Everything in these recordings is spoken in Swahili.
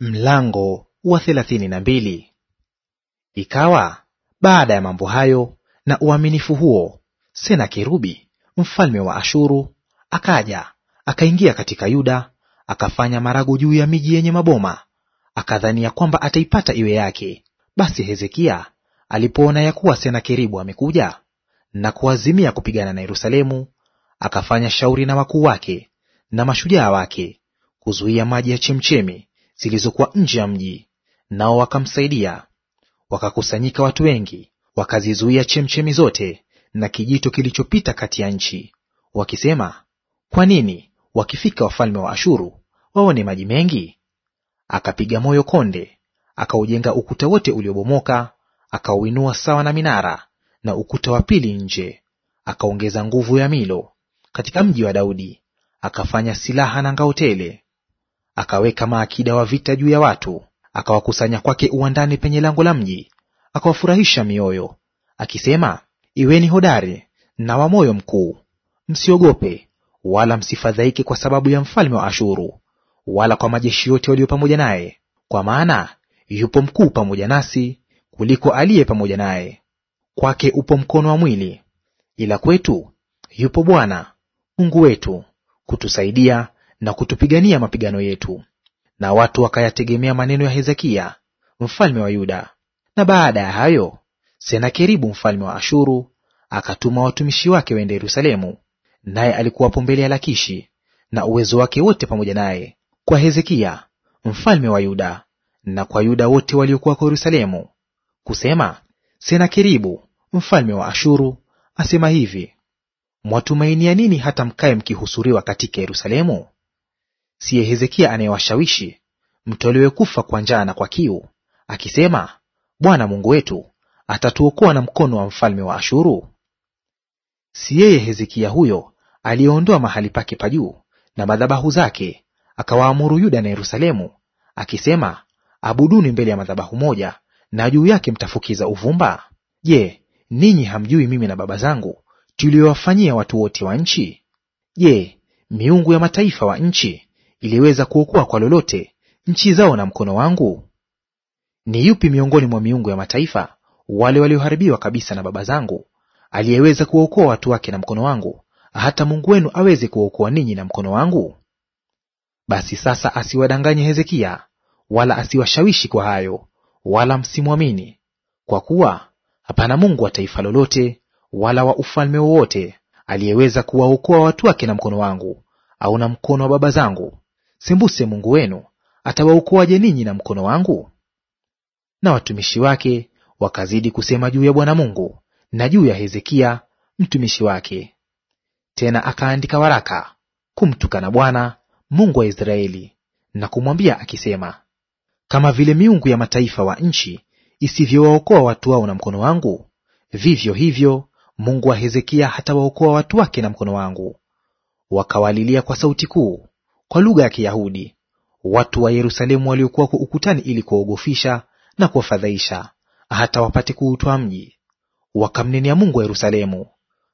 Mlango wa thelathini na mbili. Ikawa baada ya mambo hayo na uaminifu huo, Senakerubi mfalme wa Ashuru akaja akaingia katika Yuda, akafanya marago juu ya miji yenye maboma, akadhania kwamba ataipata iwe yake. Basi Hezekia alipoona ya kuwa Senakeribu amekuja na kuazimia kupigana na Yerusalemu, akafanya shauri na wakuu wake na mashujaa wake kuzuia maji ya chemchemi zilizokuwa nje ya mji, nao wakamsaidia. Wakakusanyika watu wengi, wakazizuia chemchemi zote na kijito kilichopita kati ya nchi, wakisema, kwa nini wakifika wafalme wa Ashuru waone maji mengi? Akapiga moyo konde, akaujenga ukuta wote uliobomoka, akauinua sawa na minara, na ukuta wa pili nje. Akaongeza nguvu ya milo katika mji wa Daudi, akafanya silaha na ngao tele akaweka maakida wa vita juu ya watu, akawakusanya kwake uwandani penye lango la mji, akawafurahisha mioyo, akisema, iweni hodari na wa moyo mkuu, msiogope wala msifadhaike kwa sababu ya mfalme wa Ashuru, wala kwa majeshi yote waliyo pamoja naye, kwa maana yupo mkuu pamoja nasi kuliko aliye pamoja naye. Kwake upo mkono wa mwili, ila kwetu yupo Bwana Mungu wetu kutusaidia na kutupigania mapigano yetu. Na watu wakayategemea maneno ya Hezekia mfalme wa Yuda. Na baada ya hayo, Senakeribu mfalme wa Ashuru akatuma watumishi wake waende Yerusalemu, naye alikuwapo mbele ya Lakishi na uwezo wake wote pamoja naye, kwa Hezekia mfalme wa Yuda na kwa Yuda wote waliokuwa kwa Yerusalemu, kusema, Senakeribu mfalme wa Ashuru asema hivi, mwatumainia nini hata mkae mkihusuriwa katika Yerusalemu? siye Hezekia anayewashawishi mtolewe kufa kwa njaa na kwa kiu, akisema, Bwana Mungu wetu atatuokoa na mkono wa mfalme wa Ashuru? Si yeye Hezekia huyo aliyeondoa mahali pake pa juu na madhabahu zake, akawaamuru Yuda na Yerusalemu, akisema, abuduni mbele ya madhabahu moja, na juu yake mtafukiza uvumba? Je, ninyi hamjui mimi na baba zangu tuliowafanyia watu wote wa nchi? Je, miungu ya mataifa wa nchi iliweza kuokoa kwa lolote nchi zao na mkono wangu? Ni yupi miongoni mwa miungu ya mataifa wale walioharibiwa kabisa na baba zangu, aliyeweza kuwaokoa watu wake na mkono wangu, hata Mungu wenu aweze kuwaokoa ninyi na mkono wangu? Basi sasa asiwadanganye Hezekia, wala asiwashawishi kwa hayo, wala msimwamini, kwa kuwa hapana Mungu wa taifa lolote wala wa ufalme wowote aliyeweza kuwaokoa watu wake na mkono wangu au na mkono wa baba zangu, Sembuse Mungu wenu atawaokoaje ninyi na mkono wangu? Na watumishi wake wakazidi kusema juu ya Bwana Mungu na juu ya Hezekia mtumishi wake. Tena akaandika waraka kumtukana Bwana Mungu wa Israeli na kumwambia akisema, kama vile miungu ya mataifa wa nchi isivyowaokoa watu wao na mkono wangu, vivyo hivyo Mungu wa Hezekia hatawaokoa watu wake na mkono wangu. Wakawalilia kwa sauti kuu kwa lugha ya Kiyahudi watu wa Yerusalemu waliokuwako ukutani ili kuwaogofisha na kuwafadhaisha, hata wapate kuutwa mji. Wakamnenea Mungu wa Yerusalemu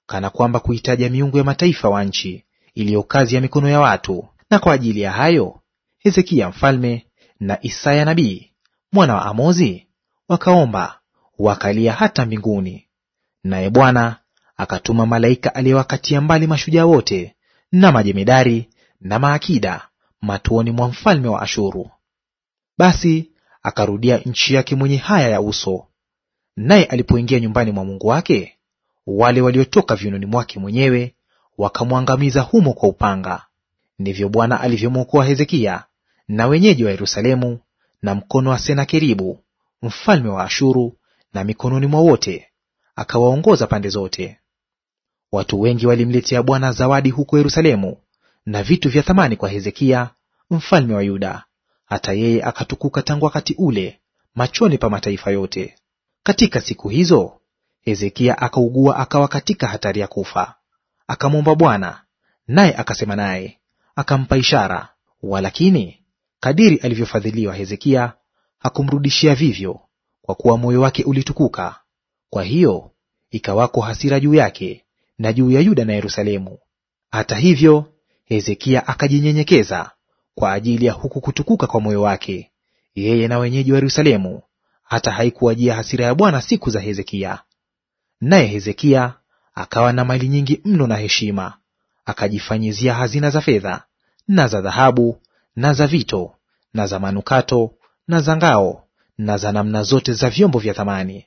kana kwamba kuitaja miungu ya mataifa wa nchi iliyo kazi ya mikono ya watu. Na kwa ajili ya hayo Hezekia mfalme na Isaya nabii mwana wa Amozi wakaomba wakalia hata mbinguni, naye Bwana akatuma malaika aliyewakatia mbali mashujaa wote na majemedari na maakida matuoni mwa mfalme wa Ashuru. Basi akarudia nchi yake mwenye haya ya uso. Naye alipoingia nyumbani mwa Mungu wake, wale waliotoka viunoni mwake mwenyewe wakamwangamiza humo kwa upanga. Ndivyo Bwana alivyomwokoa Hezekia na wenyeji wa Yerusalemu na mkono wa Senakeribu mfalme wa Ashuru na mikononi mwa wote, akawaongoza pande zote. Watu wengi walimletea Bwana zawadi huko Yerusalemu na vitu vya thamani kwa Hezekia mfalme wa Yuda, hata yeye akatukuka tangu wakati ule machoni pa mataifa yote. Katika siku hizo Hezekia akaugua, akawa katika hatari ya kufa. Akamwomba Bwana, naye akasema naye, akampa ishara. Walakini kadiri alivyofadhiliwa Hezekia hakumrudishia vivyo, kwa kuwa moyo wake ulitukuka. Kwa hiyo ikawako hasira juu yake na juu ya Yuda na Yerusalemu. Hata hivyo Hezekia akajinyenyekeza kwa ajili ya huku kutukuka kwa moyo wake, yeye na wenyeji wa Yerusalemu, hata haikuwajia hasira ya Bwana siku za Hezekia. Naye Hezekia akawa na mali nyingi mno na heshima, akajifanyizia hazina za fedha na za dhahabu na za vito na za manukato na za ngao na za namna zote za vyombo vya thamani,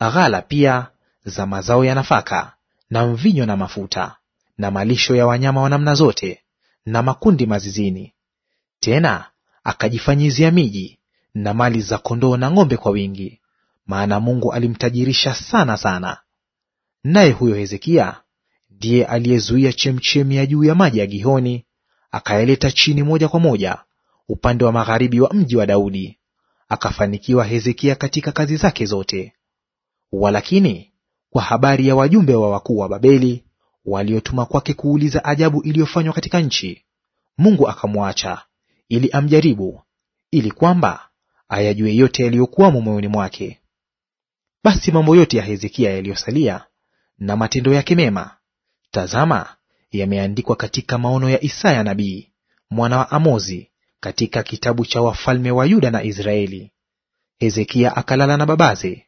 ghala pia za mazao ya nafaka na mvinyo na mafuta na malisho ya wanyama wa namna zote na makundi mazizini. Tena akajifanyizia miji na mali za kondoo na ng'ombe kwa wingi, maana Mungu alimtajirisha sana sana. Naye huyo Hezekia ndiye aliyezuia chemchemi ya juu ya maji ya Gihoni, akayaleta chini moja kwa moja upande wa magharibi wa mji wa Daudi. Akafanikiwa Hezekia katika kazi zake zote. Walakini kwa habari ya wajumbe wa wakuu wa Babeli waliotuma kwake kuuliza ajabu iliyofanywa katika nchi, Mungu akamwacha ili amjaribu, ili kwamba ayajue yote yaliyokuwamo moyoni mwake. Basi mambo yote ya Hezekia yaliyosalia na matendo yake mema, tazama, yameandikwa katika maono ya Isaya nabii mwana wa Amozi, katika kitabu cha wafalme wa Yuda na Israeli. Hezekia akalala na babaze,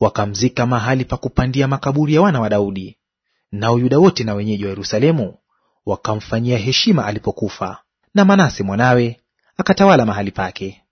wakamzika mahali pa kupandia makaburi ya wana wa Daudi, na Uyuda wote na wenyeji wa Yerusalemu wakamfanyia heshima alipokufa, na Manase mwanawe akatawala mahali pake.